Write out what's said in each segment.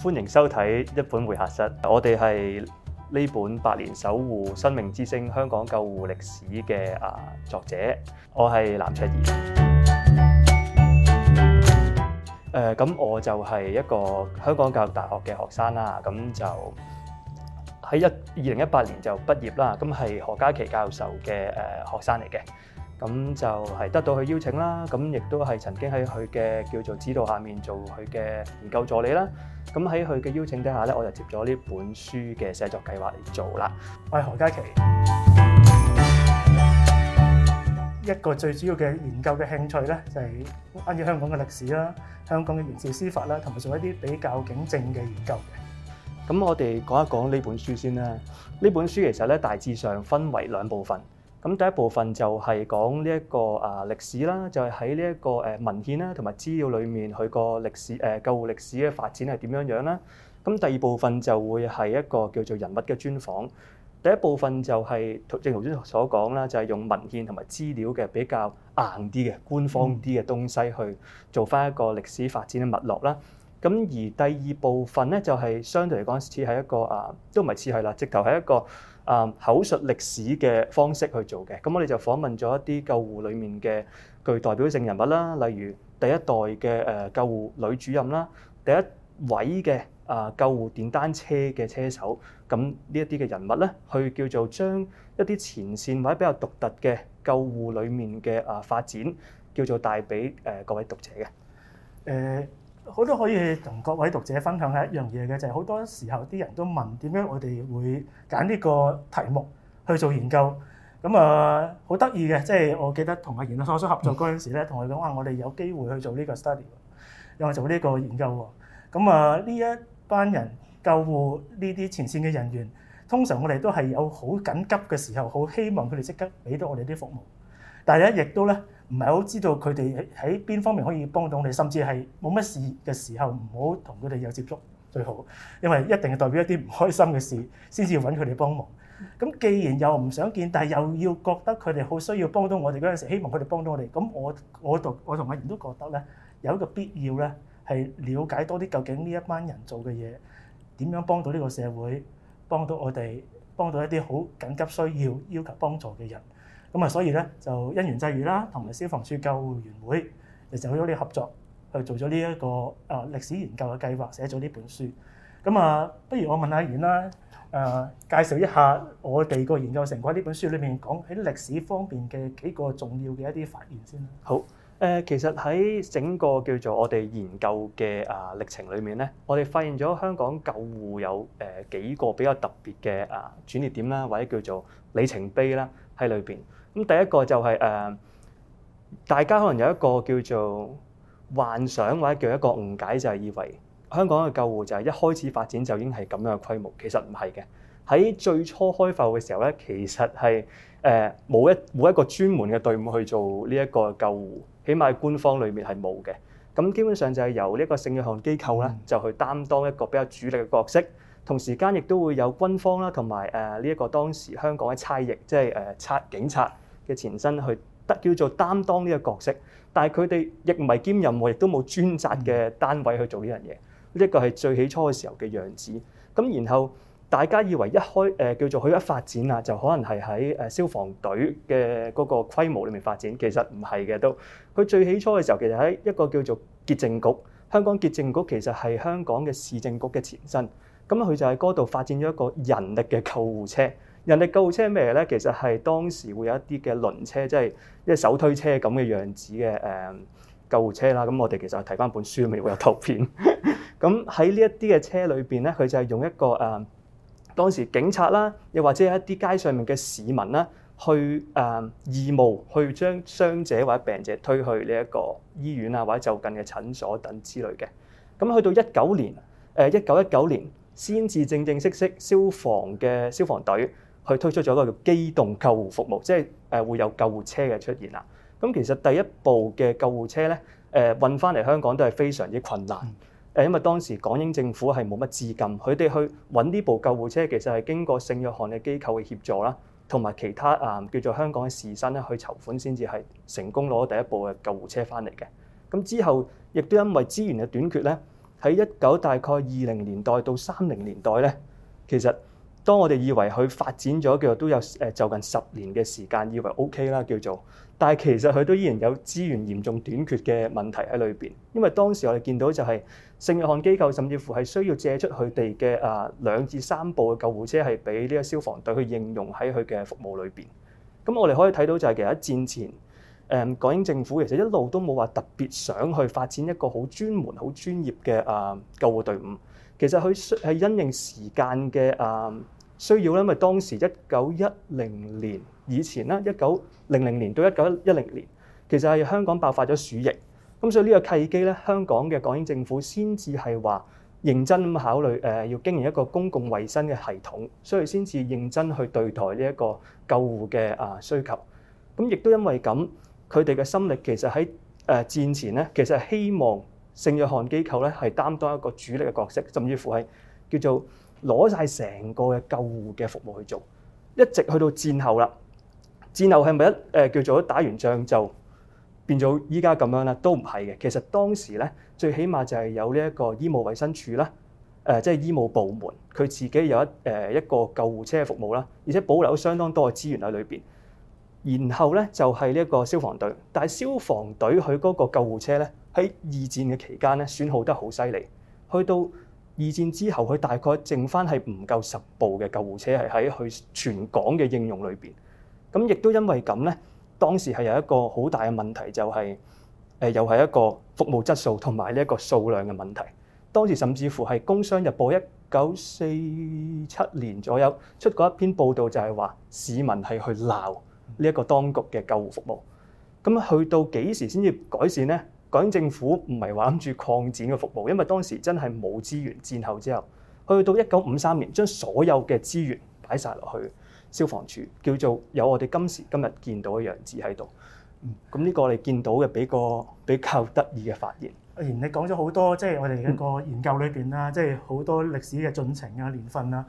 歡迎收睇一本會客室，我哋係呢本《百年守護生命之星：香港救護歷史》嘅啊作者，我係藍卓賢。誒、呃，咁我就係一個香港教育大學嘅學生啦，咁就喺一二零一八年就畢業啦，咁係何家騏教授嘅誒、呃、學生嚟嘅。咁就係得到佢邀請啦，咁亦都係曾經喺佢嘅叫做指導下面做佢嘅研究助理啦。咁喺佢嘅邀請底下咧，我就接咗呢本書嘅寫作計劃嚟做啦。我係何家騏，一個最主要嘅研究嘅興趣咧就係關於香港嘅歷史啦、香港嘅刑事司法啦，同埋做一啲比較警政嘅研究嘅。咁我哋講一講呢本書先啦。呢本書其實咧，大致上分為兩部分。咁第一部分就係講呢一個啊歷史啦，就係喺呢一個誒文獻啦同埋資料裏面佢個歷史誒救護歷史嘅發展係點樣樣啦。咁第二部分就會係一個叫做人物嘅專訪。第一部分就係，正如頭先所講啦，就係用文獻同埋資料嘅比較硬啲嘅官方啲嘅東西去做返一個歷史發展嘅脈絡啦。咁而第二部分咧就係相對嚟講似係一個啊，都唔係似係啦，直頭係一個。啊！口述歷史嘅方式去做嘅，咁我哋就訪問咗一啲救護裡面嘅具代表性人物啦，例如第一代嘅誒救護女主任啦，第一位嘅啊救護電單車嘅車手，咁呢一啲嘅人物咧，去叫做將一啲前線或者比較獨特嘅救護裡面嘅啊發展，叫做帶俾誒各位讀者嘅誒。呃好多可以同各位讀者分享嘅一樣嘢嘅，就係好多時候啲人都問點解我哋會揀呢個題目去做研究。咁啊，好得意嘅，即係我記得同阿研究所合作嗰陣時咧，同佢講話我哋有機會去做呢個 study，又話做呢個研究。咁啊，呢一班人救護呢啲前線嘅人員，通常我哋都係有好緊急嘅時候，好希望佢哋即刻俾到我哋啲服務。但係咧，亦都咧。唔係好知道佢哋喺喺邊方面可以幫到你，甚至係冇乜事嘅時候，唔好同佢哋有接觸最好，因為一定係代表一啲唔開心嘅事，先至要揾佢哋幫忙。咁既然又唔想見，但係又要覺得佢哋好需要幫到我哋嗰陣時，希望佢哋幫到我哋。咁我我同我同阿賢都覺得咧，有一個必要咧，係了解多啲究竟呢一班人做嘅嘢點樣幫到呢個社會，幫到我哋，幫到一啲好緊急需要要求幫助嘅人。咁啊，所以咧就因緣際遇啦，同埋消防處救護員會，其實做咗啲合作去做咗呢一個啊歷史研究嘅計劃，寫咗呢本書。咁啊，不如我問下賢啦，誒介紹一下我哋個研究成果呢本書裏面講喺歷史方面嘅幾個重要嘅一啲發現先啦。好誒，其實喺整個叫做我哋研究嘅啊歷程裏面咧，我哋發現咗香港救護有誒幾個比較特別嘅啊轉捩點啦，或者叫做里程碑啦。喺裏邊，咁第一個就係、是、誒、呃，大家可能有一個叫做幻想或者叫一個誤解，就係、是、以為香港嘅救護就係一開始發展就已經係咁樣嘅規模，其實唔係嘅。喺最初開埠嘅時候咧，其實係誒冇一冇一個專門嘅隊伍去做呢一個救護，起碼官方裏面係冇嘅。咁基本上就係由呢一個聖約翰機構咧，就去擔當一個比較主力嘅角色。同時間亦都會有軍方啦，同埋誒呢一個當時香港嘅差役，即係誒差警察嘅前身去得叫做擔當呢個角色。但係佢哋亦唔係兼任喎，亦都冇專責嘅單位去做呢樣嘢。呢一個係最起初嘅時候嘅樣子。咁然後大家以為一開誒叫做佢一發展啊，就可能係喺誒消防隊嘅嗰個規模裡面發展，其實唔係嘅都。佢最起初嘅時候其實喺一個叫做潔淨局。香港潔淨局其實係香港嘅市政局嘅前身。咁佢就喺嗰度發展咗一個人力嘅救護車。人力救護車係咩嚟咧？其實係當時會有一啲嘅輪車，即係即係手推車咁嘅樣子嘅誒救護車啦。咁我哋其實睇翻本書 裏面會有圖片。咁喺呢一啲嘅車裏邊咧，佢就係用一個誒、嗯、當時警察啦，又或者一啲街上面嘅市民啦，去誒、嗯、義務去將傷者或者病者推去呢一個醫院啊，或者就近嘅診所等之類嘅。咁去到一九年，誒一九一九年。先至正正式式消防嘅消防隊去推出咗一個叫機動救護服務，即係誒會有救護車嘅出現啦。咁其實第一部嘅救護車咧，誒運翻嚟香港都係非常之困難，誒因為當時港英政府係冇乜資金，佢哋去揾呢部救護車，其實係經過聖約翰嘅機構嘅協助啦，同埋其他啊叫做香港嘅士紳咧去籌款，先至係成功攞第一部嘅救護車翻嚟嘅。咁之後亦都因為資源嘅短缺咧。喺一九大概二零年代到三零年代咧，其實當我哋以為佢發展咗叫都有誒就近十年嘅時間，以為 O K 啦，叫做，但係其實佢都依然有資源嚴重短缺嘅問題喺裏邊。因為當時我哋見到就係聖約翰機構甚至乎係需要借出佢哋嘅啊兩至三部嘅救護車係俾呢個消防隊去應用喺佢嘅服務裏邊。咁我哋可以睇到就係其實一戰前。誒，港英政府其實一路都冇話特別想去發展一個好專門、好專業嘅啊救護隊伍。其實佢係因應時間嘅需要，因為當時一九一零年以前啦，一九零零年到一九一零年，其實係香港爆發咗鼠疫。咁所以呢個契機咧，香港嘅港英政府先至係話認真咁考慮要經營一個公共衛生嘅系統，所以先至認真去對待呢一個救護嘅啊需求。咁亦都因為咁。佢哋嘅心力其實喺誒、呃、戰前咧，其實希望聖約翰機構咧係擔當一個主力嘅角色，甚至乎係叫做攞晒成個嘅救護嘅服務去做，一直去到戰後啦。戰後係咪一誒叫做打完仗就變到依家咁樣咧？都唔係嘅。其實當時咧，最起碼就係有呢一個醫務衛生署啦，誒、呃、即係醫務部門，佢自己有一誒、呃、一個救護車服務啦，而且保留相當多嘅資源喺裏邊。然後咧就係呢一個消防隊，但係消防隊佢嗰個救護車咧，喺二戰嘅期間咧，消耗得好犀利。去到二戰之後，佢大概剩翻係唔夠十部嘅救護車係喺去全港嘅應用裏邊。咁亦都因為咁咧，當時係有一個好大嘅問題，就係，就係誒又係一個服務質素同埋呢一個數量嘅問題。當時甚至乎係工商日報一九四七年左右出過一篇報道，就係話市民係去鬧。呢一個當局嘅救護服務，咁去到幾時先至改善呢？港政府唔係話諗住擴展嘅服務，因為當時真係冇資源。戰後之後，去到一九五三年，將所有嘅資源擺晒落去消防處，叫做有我哋今時今日見到嘅樣子喺度。咁呢個我哋見到嘅，俾個比較得意嘅發現。阿賢，你講咗好多，即係我哋一個研究裏邊啦，即係好多歷史嘅進程啊、年份啊，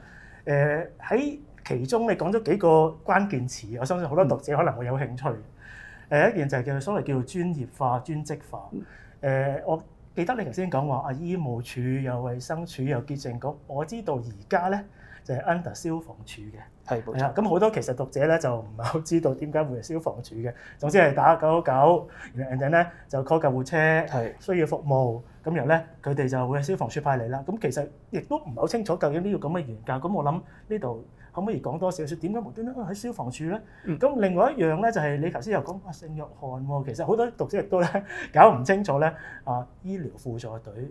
誒喺。其中你講咗幾個關鍵詞，我相信好多讀者可能會有興趣。誒，一件就係叫所謂叫做專業化、專職化。誒，我記得你頭先講話，啊醫務處有衞生署、有潔淨局，我知道而家咧就係 under 消防處嘅係啦。咁好多其實讀者咧就唔係好知道點解會係消防處嘅。總之係打九九九，然後陣咧就 call 救護車，係是需要服務。咁然後咧，佢哋就會喺消防處派嚟啦。咁其實亦都唔係好清楚究竟呢個咁嘅緣故。咁我諗呢度可唔可以講多少少點解無端端喺消防處咧？咁、嗯、另外一樣咧就係你頭先又講話聖約翰喎，其實好多讀者亦都咧搞唔清楚咧啊醫療輔助隊誒呢、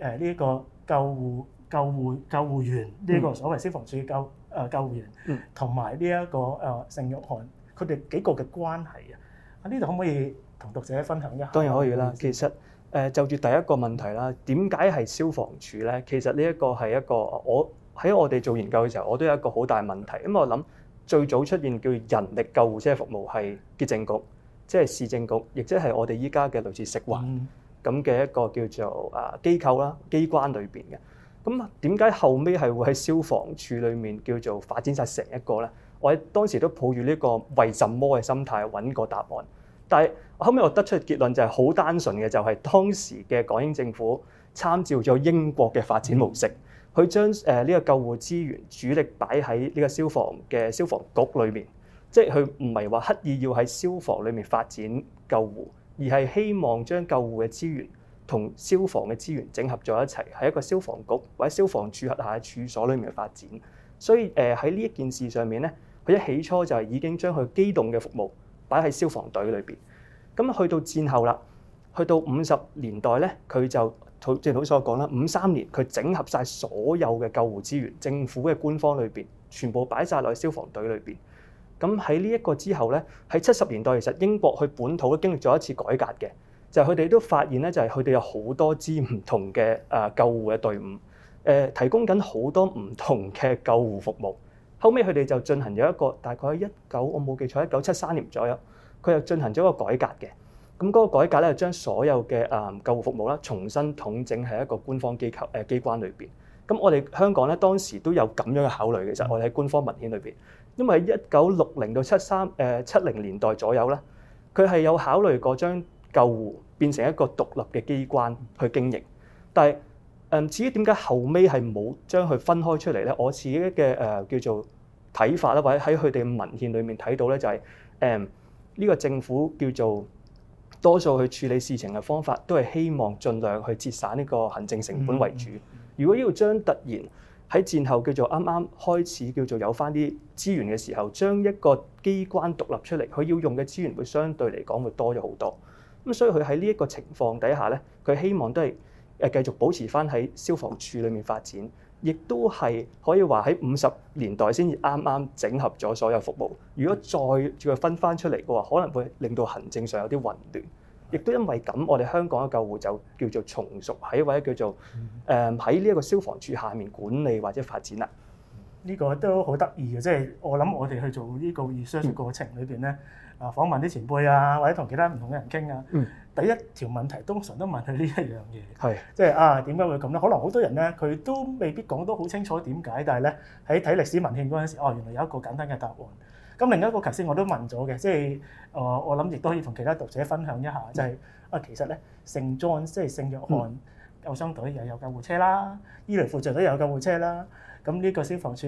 啊這個救護救護救護員呢、嗯、個所謂消防處救誒、啊、救護員，同埋呢一個誒、啊、聖約翰佢哋幾個嘅關係啊？喺呢度可唔可以同讀者分享一下？當然可以啦，其實。誒、呃、就住第一個問題啦，點解係消防處咧？其實呢一個係一個我喺我哋做研究嘅時候，我都有一個好大問題，咁我諗最早出現叫人力救護車服務係潔淨局，即係市政局，亦即係我哋依家嘅類似食環咁嘅一個叫做啊機構啦，機關裏邊嘅。咁點解後尾係會喺消防處裏面叫做發展晒成一個咧？我喺當時都抱住呢個為什麼嘅心態揾個答案，但係。後尾我得出嘅結論就係好單純嘅，就係、是、當時嘅港英政府參照咗英國嘅發展模式，佢將誒呢、呃呢個救護資源主力擺喺呢個消防嘅消防局裏面，即係佢唔係話刻意要喺消防裏面發展救護，而係希望將救護嘅資源同消防嘅資源整合咗一齊，喺一個消防局或者消防處轄下嘅處所裏面發展。所以誒喺呢一件事上面咧，佢一起初就係已經將佢機動嘅服務擺喺消防隊裏邊。咁去到戰後啦，去到五十年代咧，佢就正如我所講啦。五三年佢整合晒所有嘅救護資源，政府嘅官方裏邊，全部擺晒落去消防隊裏邊。咁喺呢一個之後咧，喺七十年代，其實英國去本土都經歷咗一次改革嘅，就係佢哋都發現咧，就係佢哋有好多支唔同嘅誒救護嘅隊伍，誒、呃、提供緊好多唔同嘅救護服務。後尾佢哋就進行咗一個大概喺一九我冇記錯一九七三年左右。佢又進行咗一個改革嘅，咁嗰個改革咧，將所有嘅誒救護服務啦，重新統整喺一個官方機構誒機關裏邊。咁我哋香港咧，當時都有咁樣嘅考慮嘅，其實我哋喺官方文獻裏邊，因為一九六零到七三誒七零年代左右咧，佢係有考慮過將救護變成一個獨立嘅機關去經營。但係誒，至於點解後尾係冇將佢分開出嚟咧？我自己嘅誒叫做睇法啦，或者喺佢哋文獻裏面睇到咧，就係誒。呢個政府叫做多數去處理事情嘅方法，都係希望盡量去節省呢個行政成本為主。如果要將突然喺戰後叫做啱啱開始叫做有翻啲資源嘅時候，將一個機關獨立出嚟，佢要用嘅資源會相對嚟講會多咗好多。咁所以佢喺呢一個情況底下咧，佢希望都係誒繼續保持翻喺消防處裏面發展。亦都係可以話喺五十年代先至啱啱整合咗所有服務。如果再將佢分返出嚟嘅話，可能會令到行政上有啲混亂。亦都因為咁，我哋香港嘅救護就叫做從屬喺或者叫做誒喺呢一個消防處下面管理或者發展啦。呢個都好得意嘅，即係我諗我哋去做呢個 research 過程裏邊咧，啊訪問啲前輩啊，或者同其他唔同嘅人傾啊。嗯第一條問題通常都問佢是、啊、呢一樣嘢，係即係啊點解會咁咧？可能好多人咧佢都未必講得好清楚點解，但係咧喺睇歷史文獻嗰陣時候，哦原來有一個簡單嘅答案。咁另一個頭先我都問咗嘅，即係、呃、我我諗亦都可以同其他讀者分享一下，就係、是、啊其實咧聖 John 即係聖約翰救傷隊又相對有救護車啦，醫療輔助都有救護車啦，咁呢個消防處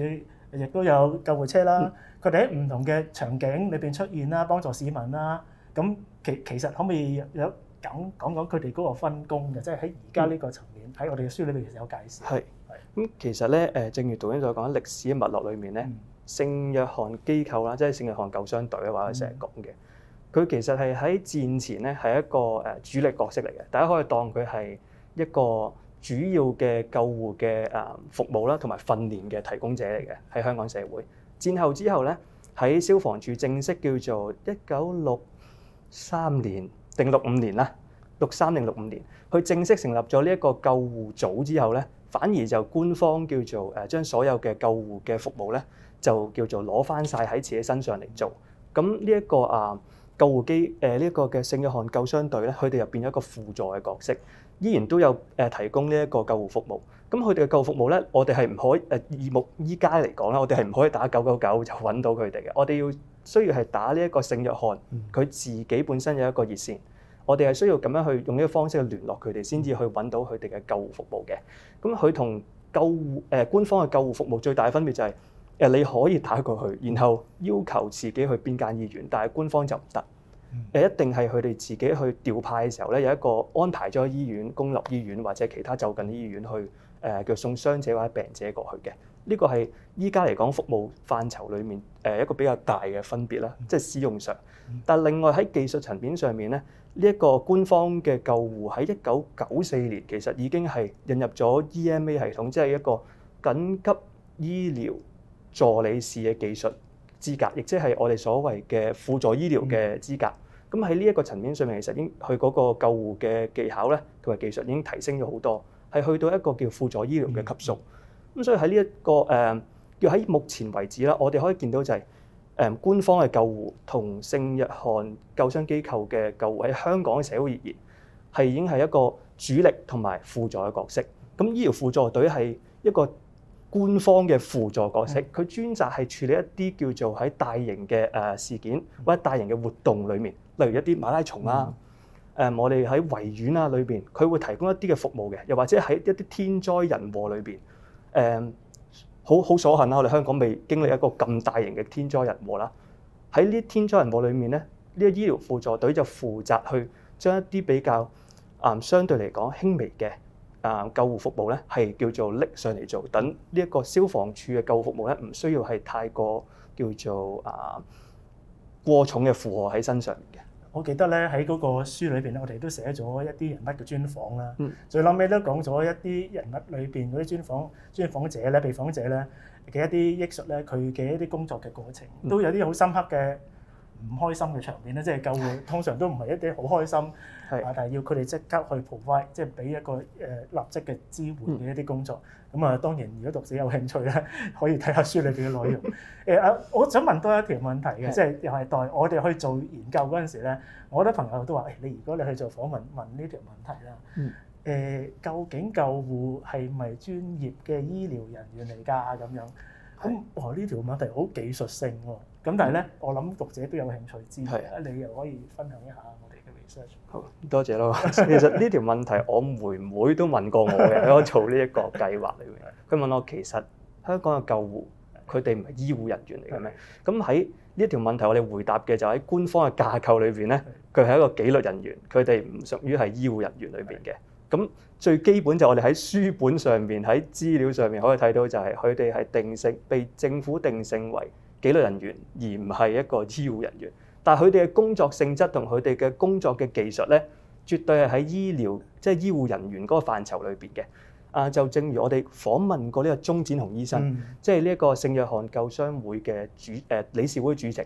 亦都有救護車啦，佢哋喺唔同嘅場景裏邊出現啦，幫助市民啦。咁其其實可唔可以有講講講佢哋嗰個分工嘅，即係喺而家呢個層面喺我哋嘅書裏面其實有介紹係係咁。其實咧，誒，正如導演所講歷史嘅脈絡裏面咧，聖約翰機構啦，即係聖約翰救傷隊咧，或者成日講嘅，佢其實係喺戰前咧係一個誒主力角色嚟嘅。大家可以當佢係一個主要嘅救護嘅誒服務啦，同埋訓練嘅提供者嚟嘅，喺香港社會戰後之後咧，喺消防處正式叫做一九六。三年定六五年啦，六三定六五年，佢正式成立咗呢一個救護組之後咧，反而就官方叫做誒將所有嘅救護嘅服務咧，就叫做攞翻曬喺自己身上嚟做。咁呢一個啊救護機誒呢一個嘅聖約翰救傷隊咧，佢哋入邊有一個輔助嘅角色，依然都有誒提供呢一個救護服務。咁佢哋嘅救護服務咧，我哋係唔可以誒，依目依家嚟講啦，我哋係唔可以打九九九就揾到佢哋嘅，我哋要。需要係打呢一個聖約翰，佢自己本身有一個熱線，我哋係需要咁樣去用呢個方式去聯絡佢哋，先至去揾到佢哋嘅救護服務嘅。咁佢同救護誒、呃、官方嘅救護服務最大嘅分別就係、是、誒你可以打過去，然後要求自己去邊間醫院，但係官方就唔得，誒、呃、一定係佢哋自己去調派嘅時候咧，有一個安排咗醫院、公立醫院或者其他就近嘅醫院去誒叫、呃、送傷者或者病者過去嘅。呢個係依家嚟講服務範疇裡面誒一個比較大嘅分別啦，嗯、即係使用上。但另外喺技術層面上面咧，呢、這、一個官方嘅救護喺一九九四年其實已經係引入咗 EMA 系統，即係一個緊急醫療助理士嘅技術資格，亦即係我哋所謂嘅輔助醫療嘅資格。咁喺呢一個層面上面，其實已經佢嗰個救護嘅技巧咧，佢嘅技術已經提升咗好多，係去到一個叫輔助醫療嘅級數。嗯嗯咁所以喺呢一個誒、嗯、叫喺目前為止啦，我哋可以見到就係、是、誒、嗯、官方嘅救護同聖約翰救傷機構嘅救護喺香港嘅社會而言，係已經係一個主力同埋輔助嘅角色。咁醫療輔助隊係一個官方嘅輔助角色，佢專的責係處理一啲叫做喺大型嘅誒事件或者大型嘅活動裏面，例如一啲馬拉松啦、啊，誒的、嗯，我哋喺維園啊裏邊，佢會提供一啲嘅服務嘅，又或者喺一啲天災人禍裏邊。誒，好好、嗯、所幸啦，我哋香港未經歷一個咁大型嘅天災人禍啦。喺呢天災人禍裏面咧，呢、這個醫療輔助隊就負責去將一啲比較啊、嗯，相對嚟講輕微嘅啊、嗯，救護服務咧，係叫做拎上嚟做，等呢一個消防處嘅救護服務咧，唔需要係太過叫做啊過重嘅負荷喺身上面嘅。我記得咧，喺嗰個書裏邊咧，我哋都寫咗一啲人物嘅專訪啦。嗯、最後尾都講咗一啲人物裏邊嗰啲專訪專訪者咧、被訪者咧嘅一啲憶述咧，佢嘅一啲工作嘅過程，都有啲好深刻嘅，唔開心嘅場面咧，即係救護通常都唔係一啲好開心，係啊，但係要佢哋即刻去 provide，即係俾一個誒立即嘅支援嘅一啲工作。咁啊，當然如果讀者有興趣咧，可以睇下書裏邊嘅內容。誒啊，我想問多一條問題嘅，即係又係代我哋去做研究嗰陣時咧，我啲朋友都話：誒，你如果你去做訪問問呢條問題啦，誒，究竟救護係咪專業嘅醫療人員嚟㗎？咁樣，咁哇，呢條問題好技術性喎。咁但係咧，我諗讀者都有興趣知，啊的你又可以分享一下我哋嘅 research。好多謝咯。其實呢條問題，我妹妹都問過我嘅，喺我做呢一個計劃裏面，佢問我其實香港嘅救護，佢哋唔係醫護人員嚟嘅咩？咁喺呢一條問題，我哋回答嘅就喺官方嘅架構裏邊咧，佢係一個紀律人員，佢哋唔屬於係醫護人員裏邊嘅。咁最基本就係我哋喺書本上面、喺資料上面可以睇到，就係佢哋係定性被政府定性為。紀律人員，而唔係一個醫護人員。但係佢哋嘅工作性質同佢哋嘅工作嘅技術咧，絕對係喺醫療，即係醫護人員嗰個範疇裏邊嘅。啊，就正如我哋訪問過呢個鐘展雄醫生，嗯、即係呢一個聖約翰救傷會嘅主誒、啊、理事會主席，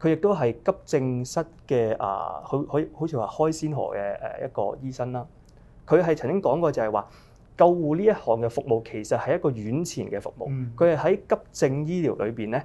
佢亦都係急症室嘅啊，佢佢好似話開先河嘅誒一個醫生啦。佢係曾經講過就係話，救護呢一行嘅服務其實係一個院前嘅服務。佢係喺急症醫療裏邊咧。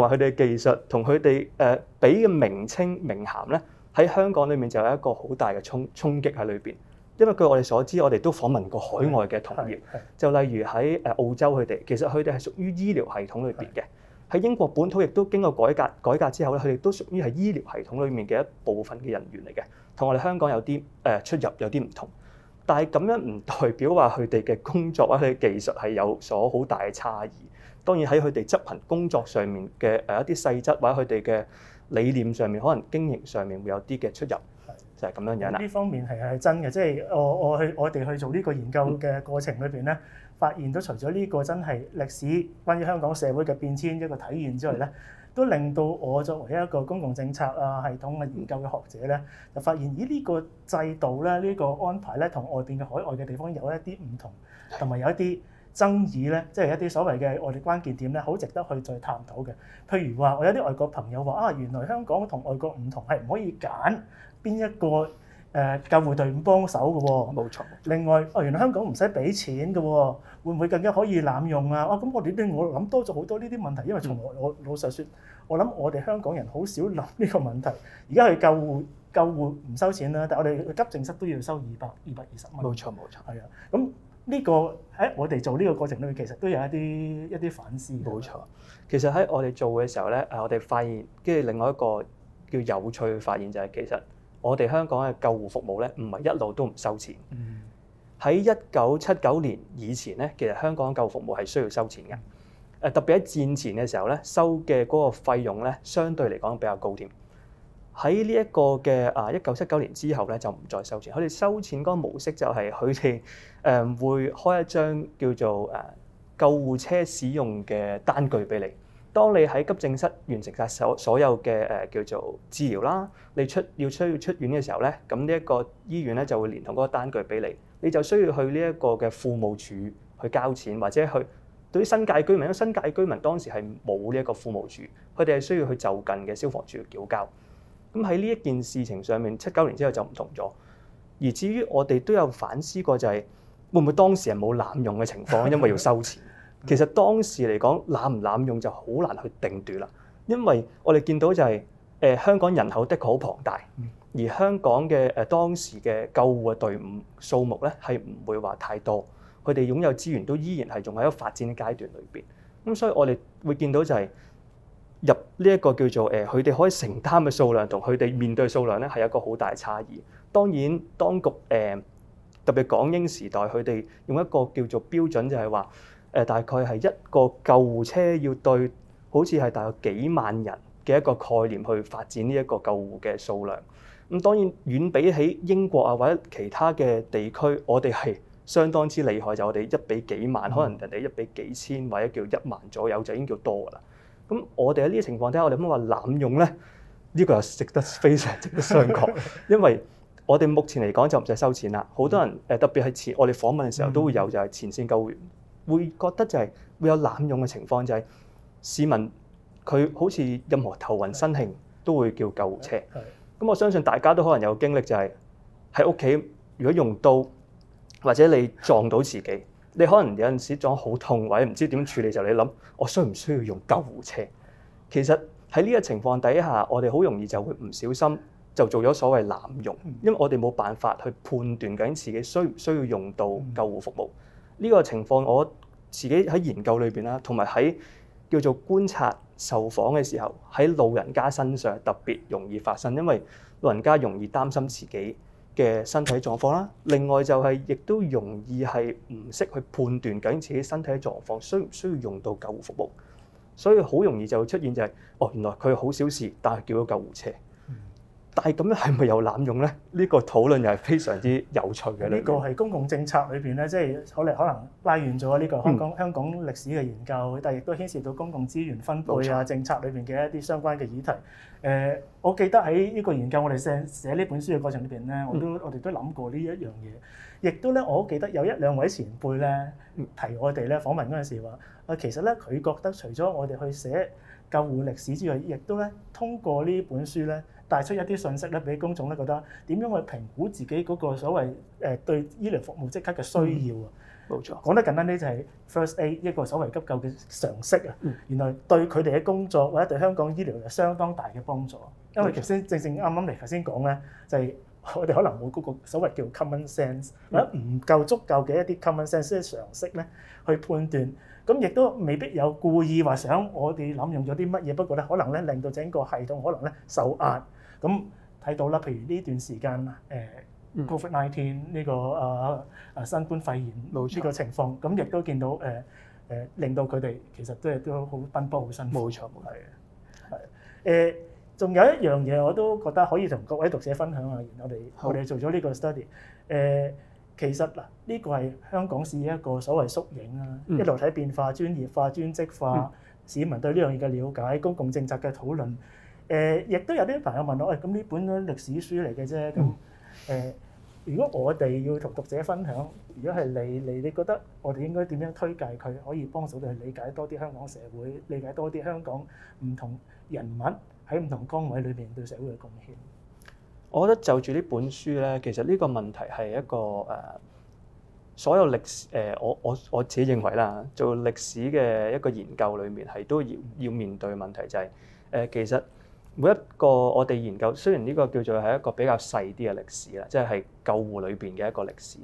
同埋佢哋嘅技術同佢哋誒俾嘅名稱名銜咧，喺香港裏面就有一個好大嘅衝衝擊喺裏邊。因為據我哋所知，我哋都訪問過海外嘅同業，就例如喺誒澳洲他們，佢哋其實佢哋係屬於醫療系統裏邊嘅。喺英國本土亦都經過改革，改革之後咧，佢哋都屬於係醫療系統裡面嘅一部分嘅人員嚟嘅，同我哋香港有啲誒、呃、出入有啲唔同。但係咁樣唔代表話佢哋嘅工作或者技術係有所好大嘅差異。當然喺佢哋執行工作上面嘅誒一啲細則，或者佢哋嘅理念上面，可能經營上面會有啲嘅出入，就係咁樣樣啦。呢方面其實係真嘅，即係我我去我哋去做呢個研究嘅過程裏邊咧，發現都除咗呢個真係歷史關於香港社會嘅變遷一個體驗之外咧，都令到我作為一個公共政策啊系統嘅研究嘅學者咧，就發現咦呢個制度咧呢個安排咧，同外邊嘅海外嘅地方有一啲唔同，同埋有一啲爭議咧，即係一啲所謂嘅外力關鍵點咧，好值得去再探討嘅。譬如話，我有啲外國朋友話：啊，原來香港同外國唔同，係唔可以揀邊一個誒救護隊伍幫手嘅喎。冇錯。另外，哦，原來香港唔使俾錢嘅喎，會唔會更加可以濫用啊？哦，咁我哋咧，我諗多咗好多呢啲問題，因為從我我老實説，我諗我哋香港人好少諗呢個問題。而家去救護救護唔收錢啦，但係我哋急症室都要收二百二百二十蚊。冇錯冇錯，係啊，咁、嗯。呢個喺，哎，我哋做呢個過程裏面，其實都有一啲一啲反思。冇錯，其實喺我哋做嘅時候咧，我哋發現，跟住另外一個叫有趣嘅發現就係，其實我哋香港嘅救護服務咧，唔係一路都唔收錢。喺一九七九年以前咧，其實香港救護服務係需要收錢嘅。特別喺戰前嘅時候咧，收嘅嗰個費用咧，相對嚟講比較高添。喺呢一個嘅啊，一九七九年之後咧，就唔再收錢。佢哋收錢嗰模式就係，佢哋誒會開一張叫做誒救護車使用嘅單據俾你。當你喺急症室完成晒所所有嘅誒叫做治療啦，你出要需要出院嘅時候咧，咁呢一個醫院咧就會連同嗰個單據俾你，你就需要去呢一個嘅服務處去交錢，或者去對於新界居民，因新界居民當時係冇呢一個服務處，佢哋係需要去就近嘅消防處繳交。咁喺呢一件事情上面，七九年之後就唔同咗。而至於我哋都有反思過，就係會唔會當時係冇濫用嘅情況，因為要收錢。 其實當時嚟講，濫唔濫用就好難去定奪啦。因為我哋見到就係、是，誒、呃、香港人口的確好龐大，而香港嘅誒、呃、當時嘅救護嘅隊伍數目咧係唔會話太多。佢哋擁有資源都依然係仲喺一個發展嘅階段裏邊。咁所以我哋會見到就係、是。入呢一個叫做誒，佢、呃、哋可以承擔嘅數量同佢哋面對嘅數量咧係一個好大嘅差異。當然，當局誒、呃、特別港英時代，佢哋用一個叫做標準就係話，就係話誒大概係一個救護車要對好似係大概幾萬人嘅一個概念去發展呢一個救護嘅數量。咁當然遠比起英國啊或者其他嘅地區，我哋係相當之厲害，就係、我哋一比幾萬，可能人哋一比幾千或者叫一萬左右就已經叫多㗎啦。咁我哋喺呢啲情況底下，我哋咁話濫用咧，呢、呢個又值得非常值得商榷，因為我哋目前嚟講就唔使收錢啦。好多人誒，特別係前我哋訪問嘅時候都會有就係前線救護員會覺得就係會有濫用嘅情況，就係、係、市民佢好似任何頭暈身㷫都會叫救護車。咁我相信大家都可能有經歷，就係喺屋企如果用刀，或者你撞到自己。你可能有陣時撞好痛，或者唔知點處理就你諗，我需唔需要用救護車？其實喺呢個情況底下，我哋好容易就會唔小心就做咗所謂濫用，因為我哋冇辦法去判斷緊自己需唔需要用到救護服務。呢個情況我自己喺研究裏面啦，同埋喺叫做觀察受訪嘅時候，喺老人家身上特別容易發生，因為老人家容易擔心自己。嘅身體狀況啦，另外就係亦都容易係唔識去判斷緊自己身體狀況需唔需要用到救護服務，所以好容易就會出現就係、是，哦原來佢好小事，但係叫咗救護車。但係咁樣係咪有濫用咧？呢個討論又係非常之有趣嘅。呢個係公共政策裏邊咧，即係可能可能拉遠咗呢個香港香港歷史嘅研究，但係亦都牽涉到公共資源分配啊，政策裏邊嘅一啲相關嘅議題。誒，我記得喺呢個研究我哋寫寫呢本書嘅過程裏邊咧，我都我哋都諗過呢一樣嘢，亦都咧，我記得有一兩位前輩咧提我哋咧訪問嗰陣時話啊，其實咧佢覺得除咗我哋去寫救護歷史之外，亦都咧通過呢本書咧。帶出一啲信息咧，俾公眾咧覺得點樣去評估自己嗰個所謂誒對醫療服務即刻嘅需要啊？嗯、冇錯，講得簡單啲就係 First Aid 一個所謂急救嘅常識啊。嗯、原來對佢哋嘅工作或者對香港醫療有相當大嘅幫助，冇錯，因為其實正正啱啱嚟頭先講咧，就係我哋可能冇嗰個所謂叫 common sense 或者唔夠足夠嘅一啲 common sense 嘅常識咧，去判斷。咁亦都未必有故意話想我哋濫用咗啲乜嘢，不過咧可能咧令到整個系統可能咧受壓。咁睇到啦，譬如呢段時間誒，COVID-19 呢個啊啊新冠肺炎呢個情況，咁亦都見到誒誒令到佢哋其實即係都好奔波好辛苦。冇錯，係嘅，係誒，仲有一樣嘢我都覺得可以同各位讀者分享下，我哋我哋做咗呢個 study 誒。其實嗱，呢個係香港史一個所謂縮影啦。一路睇變化、專業化、專職化，市民對呢樣嘢嘅瞭解、公共政策嘅討論，誒，亦都有啲朋友問我：喂，咁呢本歷史書嚟嘅啫。咁誒，如果我哋要同讀者分享，如果係你你，你覺得我哋應該點樣推介佢，可以幫手我哋去理解多啲香港社會，理解多啲香港唔同人物喺唔同崗位裏邊對社會嘅貢獻？我覺得就住呢本書咧，其實呢個問題係一個誒、呃，所有歷史誒、呃，我我我自己認為啦，做歷史嘅一個研究裏面係都要要面對問題，就是，就係誒，其實每一個我哋研究，雖然呢個叫做係一個比較細啲嘅歷史啦，即係係救護裏邊嘅一個歷史。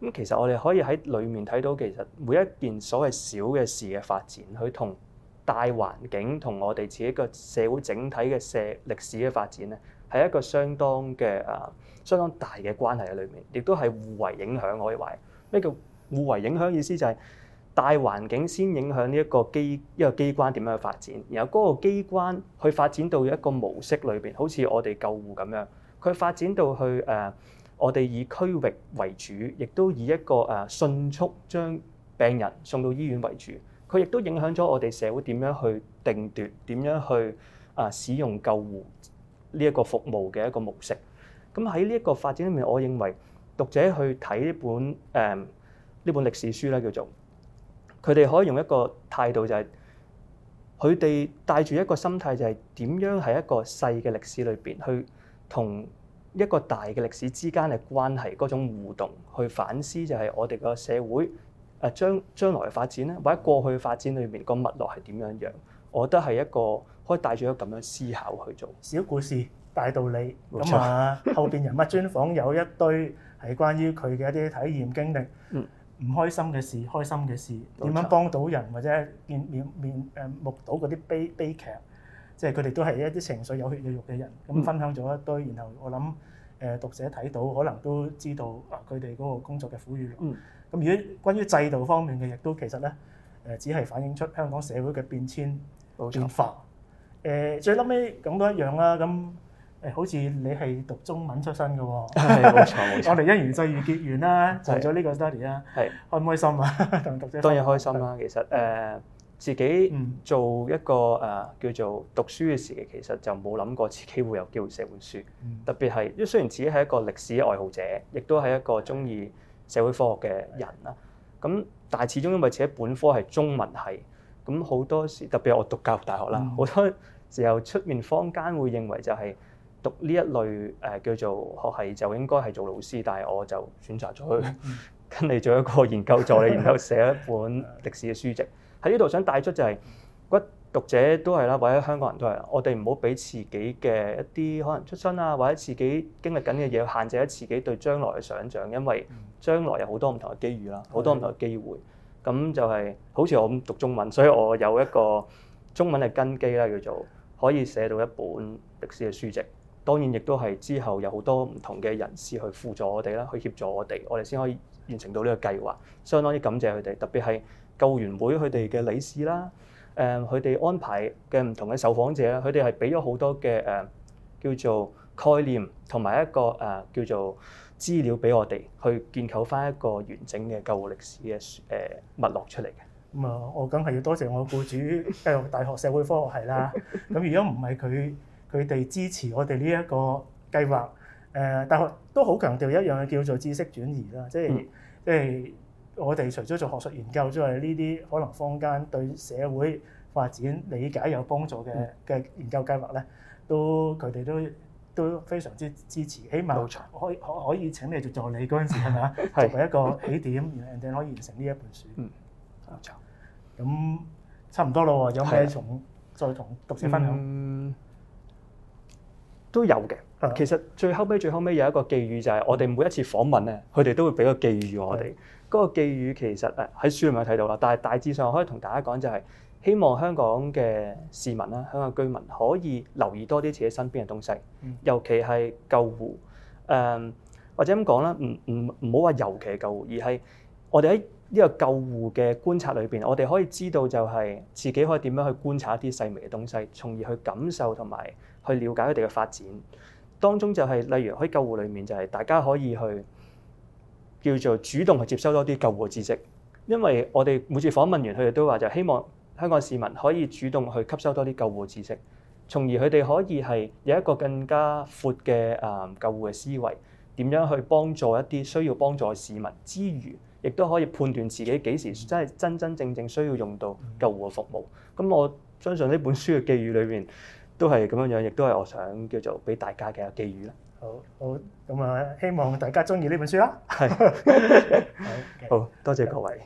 咁其實我哋可以喺裏面睇到，其實每一件所謂小嘅事嘅發展，佢同大環境同我哋自己個社會整體嘅社歷史嘅發展咧，係一個相當嘅誒，相當大嘅關係喺裏面，亦都係互為影響，可以話。咩叫互為影響？意思就係大環境先影響呢一個機一、一個機關點樣去發展，然後嗰個機關去發展到一個模式裏邊，好似我哋救護咁樣，佢發展到去誒、啊，我哋以區域為主，亦都以一個誒、啊、迅速將病人送到醫院為主。佢亦都影響咗我哋社會點樣去定奪，點樣去啊使用救護。呢一個服務嘅一個模式，咁喺呢一個發展裏面，我認為讀者去睇呢本誒呢、嗯、本歷史書咧，叫做佢哋可以用一個態度就係、是，佢哋帶住一個心態就係點樣喺一個細嘅歷史裏邊，去同一個大嘅歷史之間嘅關係嗰種互動，去反思就係我哋個社會誒將將來發展咧，或者過去發展裏面個脈絡係點樣樣。我覺得係一個可以帶住一個咁樣的思考去做小故事大道理，咁啊沒錯 後邊人物專訪有一堆係關於佢嘅一啲體驗經歷，嗯、唔開心嘅事、開心嘅事，點樣錯幫到人或者見面面誒目睹嗰啲悲悲劇，即係佢哋都係一啲情緒有血有肉嘅人，咁、嗯、分享咗一堆，然後我諗誒讀者睇到可能都知道佢哋嗰個工作嘅苦與樂。咁如果關於制度方面嘅，亦都其實咧誒只係反映出香港社會嘅變遷。變化最撚尾咁都一樣啦。咁誒好似你係讀中文出身嘅喎，冇錯冇錯。錯我哋因緣際遇結緣啦， 對 做咗呢個 study 啦，係對 開唔開心啊？同對 當然開心啦。對 其實誒、呃、自己做一個誒、呃、叫做讀書嘅時期，其實就冇諗過自己會有機會寫本書。嗯、特別係，因為雖然自己係一個歷史愛好者，亦都係一個中意社會科學嘅人啦。咁對 但係始終因為自己本科係中文系。咁好多時，特別我讀教育大學啦，好多時候出面坊間會認為就係讀呢一類誒叫做學系就應該係做老師，但係我就選擇咗去跟你做一個研究助理，然後寫一本歷史嘅書籍。喺呢度想帶出就係，覺得讀者都係啦，或者香港人都係，我哋唔好俾自己嘅一啲可能出身啊，或者自己經歷緊嘅嘢限制咗自己對將來嘅想像，因為將來有好多唔同嘅機遇啦，好多唔同嘅機會。咁就係好似我咁讀中文，所以我有一個中文嘅根基啦，叫做可以寫到一本歷史嘅書籍。當然亦都係之後有好多唔同嘅人士去輔助我哋啦，去協助我哋，我哋先可以完成到呢個計劃。相當於感謝佢哋，特別係救護員會佢哋嘅理事啦，誒佢哋安排嘅唔同嘅受訪者，佢哋係俾咗好多嘅誒叫做概念同埋一個誒叫做資料俾我哋去建構返一個完整嘅救護歷史嘅誒脈絡出嚟嘅。咁啊，我梗係要多謝我個僱主，教育大學社會科學系啦。咁如果唔係佢、佢哋支持我哋呢一個計劃，誒大學都好強調一樣嘢叫做知識轉移啦。即係即係我哋除咗做學術研究之外，呢啲可能坊間對社會發展理解有幫助嘅嘅研究計劃咧，他們都佢哋都。都非常之支持，起碼可以可可以請你做助理嗰陣時係咪啊？作為冇錯、就係、一個起點，然後人哋可以完成呢一本書。冇錯，咁、嗯、差唔多啦喎，有咩仲再同讀者分享？嗯、都有嘅，其實最後尾最後尾有一個寄語就係我哋每一次訪問咧，佢哋都會俾個寄語我哋。嗰的個寄語其實誒喺書裡面睇到啦，但係大致上我可以同大家講就係、是。希望香港嘅市民啦，香港居民可以留意多啲自己身邊嘅東西，尤其係救護。誒、嗯、或者咁講啦，唔唔唔好話尤其係救護，而係我哋喺呢個救護嘅觀察裏邊，我哋可以知道就係自己可以點樣去觀察一啲細微嘅東西，從而去感受同埋去了解佢哋嘅發展。當中就係、是、例如喺救護裏面，就係大家可以去叫做主動去接收多啲救護知識，因為我哋每次訪問完，佢哋都話就希望，香港市民可以主動去吸收多啲救護知識，從而佢哋可以係有一個更加闊嘅誒救護嘅思維，點樣去幫助一啲需要幫助嘅市民之餘，亦都可以判斷自己幾時真係真真正正需要用到救護嘅服務。咁、嗯、我相信呢本書嘅寄語裏面都係咁樣樣，亦都係我想叫做俾大家嘅寄語啦。好，好，咁啊，希望大家鍾意呢本書啦。係是， 好多謝各位。